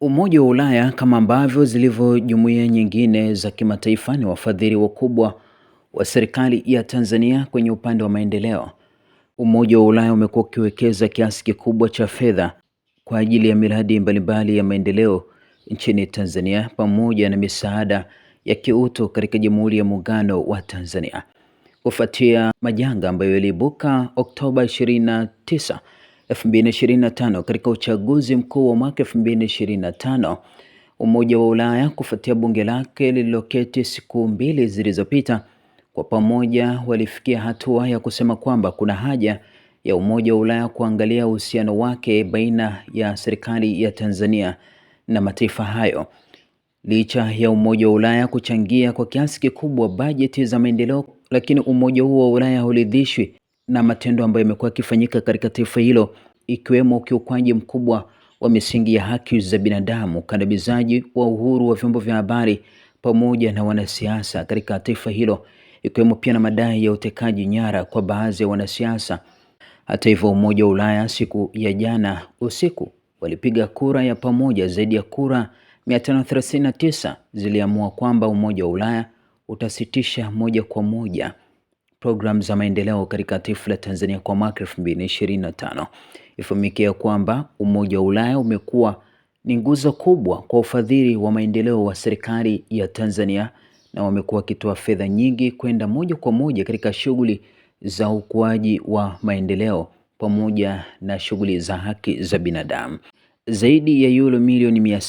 Umoja wa Ulaya kama ambavyo zilivyo jumuiya nyingine za kimataifa ni wafadhili wakubwa wa serikali ya Tanzania kwenye upande wa maendeleo. Umoja wa Ulaya umekuwa ukiwekeza kiasi kikubwa cha fedha kwa ajili ya miradi mbalimbali ya maendeleo nchini Tanzania pamoja na misaada ya kiutu katika Jamhuri ya Muungano wa Tanzania kufuatia majanga ambayo yaliibuka Oktoba 29 2025 katika uchaguzi mkuu wa mwaka 2025 Umoja wa Ulaya kufuatia bunge lake lililoketi siku mbili zilizopita, kwa pamoja walifikia hatua ya kusema kwamba kuna haja ya Umoja wa Ulaya kuangalia uhusiano wake baina ya serikali ya Tanzania na mataifa hayo. Licha ya Umoja wa Ulaya kuchangia kwa kiasi kikubwa bajeti za maendeleo, lakini umoja huo wa Ulaya hauridhishwi na matendo ambayo yamekuwa yakifanyika katika taifa hilo ikiwemo ukiukwaji mkubwa wa misingi ya haki za binadamu, ukandamizaji wa uhuru wa vyombo vya habari pamoja na wanasiasa katika taifa hilo, ikiwemo pia na madai ya utekaji nyara kwa baadhi ya wanasiasa. Hata hivyo, Umoja wa Ulaya siku ya jana usiku walipiga kura ya pamoja, zaidi ya kura 539 ziliamua kwamba Umoja wa Ulaya utasitisha moja kwa moja programu za maendeleo katika taifa la Tanzania kwa mwaka 2025. Ifahamike ya kwamba Umoja wa Ulaya umekuwa ni nguzo kubwa kwa ufadhili wa maendeleo wa serikali ya Tanzania na wamekuwa wakitoa fedha nyingi kwenda moja kwa moja katika shughuli za ukuaji wa maendeleo pamoja na shughuli za haki za binadamu. Zaidi ya yulo milioni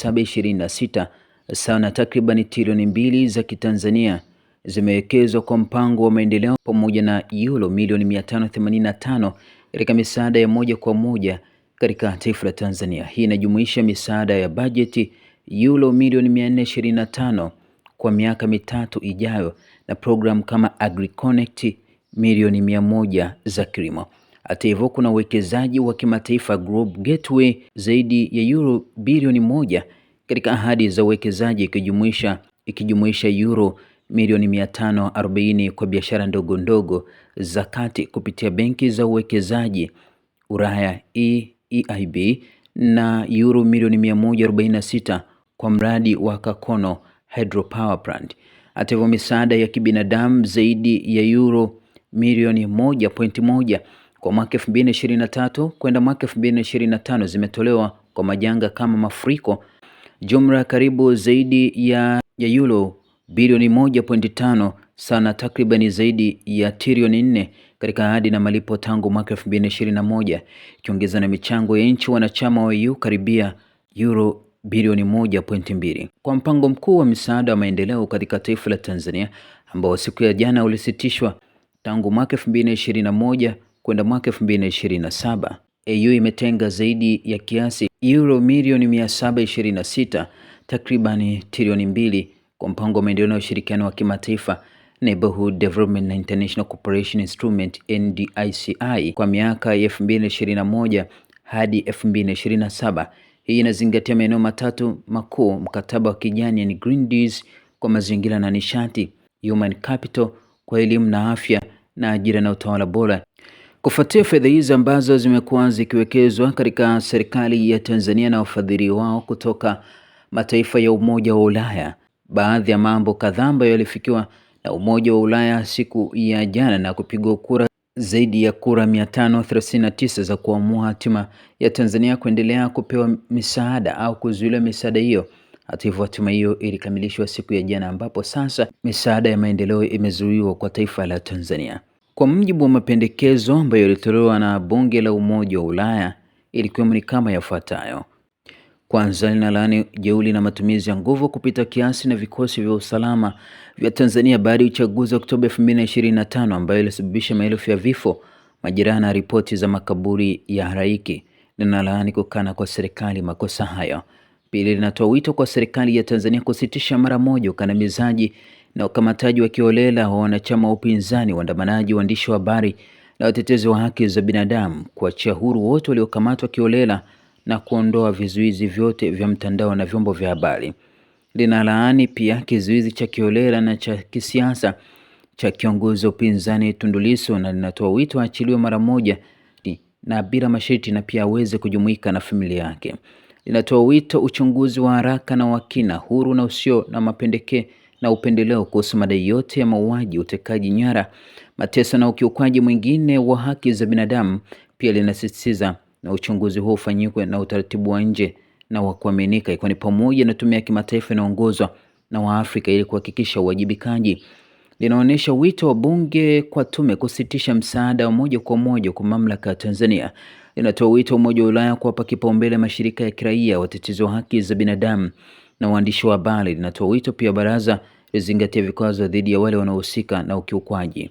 sita sawa na takribani trilioni mbili za Kitanzania zimewekezwa kwa mpango wa maendeleo pamoja na yulo milioni 585 katika misaada ya moja kwa moja katika taifa la Tanzania. Hii inajumuisha misaada ya bajeti yulo milioni 425 kwa miaka mitatu ijayo na programu kama AgriConnect milioni moja za kilimo. Hata hivyo, kuna uwekezaji wa kimataifa Global Gateway zaidi ya euro bilioni moja katika ahadi za uwekezaji ikijumuisha ikijumuisha euro milioni 540 kwa biashara ndogo ndogo za kati kupitia benki za uwekezaji Ulaya EIB na euro milioni 146 kwa mradi wa Kakono Hydropower Plant. Hata hivyo, misaada ya kibinadamu zaidi ya euro milioni 1.1 kwa mwaka 2023 kwenda mwaka 2025 zimetolewa kwa majanga kama mafuriko. Jumla karibu zaidi ya euro bilioni 1.5 sana takribani zaidi ya trilioni nne katika ahadi na malipo tangu mwaka 2021 ikiongeza na michango ya nchi wanachama wa EU karibia euro bilioni 1.2 kwa mpango mkuu wa misaada wa maendeleo katika taifa la Tanzania ambao siku ya jana ulisitishwa tangu mwaka 2021 kwenda mwaka 2027. EU imetenga zaidi ya kiasi euro milioni 726 takribani trilioni mbili kwa mpango wa maendeleo na ushirikiano wa kimataifa Neighborhood Development and International Cooperation Instrument NDICI kwa miaka ya 2021 hadi 2027. Hii inazingatia maeneo matatu makuu: mkataba wa kijani yani Green Deals kwa mazingira na nishati, Human Capital kwa elimu na afya, na ajira na utawala bora. Kufuatia fedha hizi ambazo zimekuwa zikiwekezwa katika serikali ya Tanzania na wafadhili wao kutoka mataifa ya Umoja wa Ulaya, baadhi ya mambo kadhaa ambayo yalifikiwa na Umoja wa Ulaya siku ya jana na kupigwa kura zaidi ya kura 539 za kuamua hatima ya Tanzania kuendelea kupewa misaada au kuzuiliwa misaada hiyo. Hata hivyo, hatima hiyo ilikamilishwa siku ya jana, ambapo sasa misaada ya maendeleo imezuiwa kwa taifa la Tanzania kwa mujibu wa mapendekezo ambayo yalitolewa na Bunge la Umoja wa Ulaya, ilikuwa ni kama yafuatayo. Kwanza linalaani jeuli na matumizi ya nguvu kupita kiasi na vikosi vya usalama vya Tanzania baada ya uchaguzi wa Oktoba 2025 ambayo ilisababisha maelfu ya vifo. Majeraha na ripoti za makaburi ya halaiki. Linalaani kukana kwa serikali makosa hayo. Pili, linatoa wito kwa serikali ya Tanzania kusitisha mara moja ukandamizaji na ukamataji wa kiolela wa wanachama wa upinzani, waandamanaji, waandishi wa habari na watetezi wa haki za binadamu, kuachia huru wote waliokamatwa kiolela na kuondoa vizuizi vyote vya mtandao na vyombo vya habari. Linalaani pia kizuizi cha kiholela na cha kisiasa cha kiongozi wa upinzani Tundu Lissu na linatoa wito aachiliwe mara moja na bila masharti na pia aweze kujumuika na familia yake. Linatoa wito uchunguzi wa haraka na wakina huru na usio na mapendekee na upendeleo kuhusu madai yote ya mauaji, utekaji nyara, mateso na ukiukwaji mwingine wa haki za binadamu. Pia linasisitiza na uchunguzi huo ufanyike na utaratibu wa nje na wa kuaminika, ikiwa ni pamoja na tume ya kimataifa inaongozwa na Waafrika ili kuhakikisha uwajibikaji. Linaonyesha wito wa bunge kwa tume kusitisha msaada wa moja kwa moja kwa mamlaka ya Tanzania. Linatoa wito wa Umoja wa Ulaya kuwapa kipaumbele mashirika ya kiraia, watetezi wa haki za binadamu na waandishi wa habari. Linatoa wito pia baraza lizingatia vikwazo dhidi ya wale wanaohusika na ukiukwaji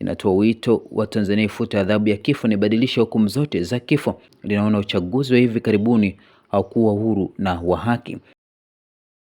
linatoa wito wa Tanzania ifute adhabu ya kifo na ibadilishe hukumu zote za kifo. Linaona uchaguzi wa hivi karibuni haukuwa huru na wa haki.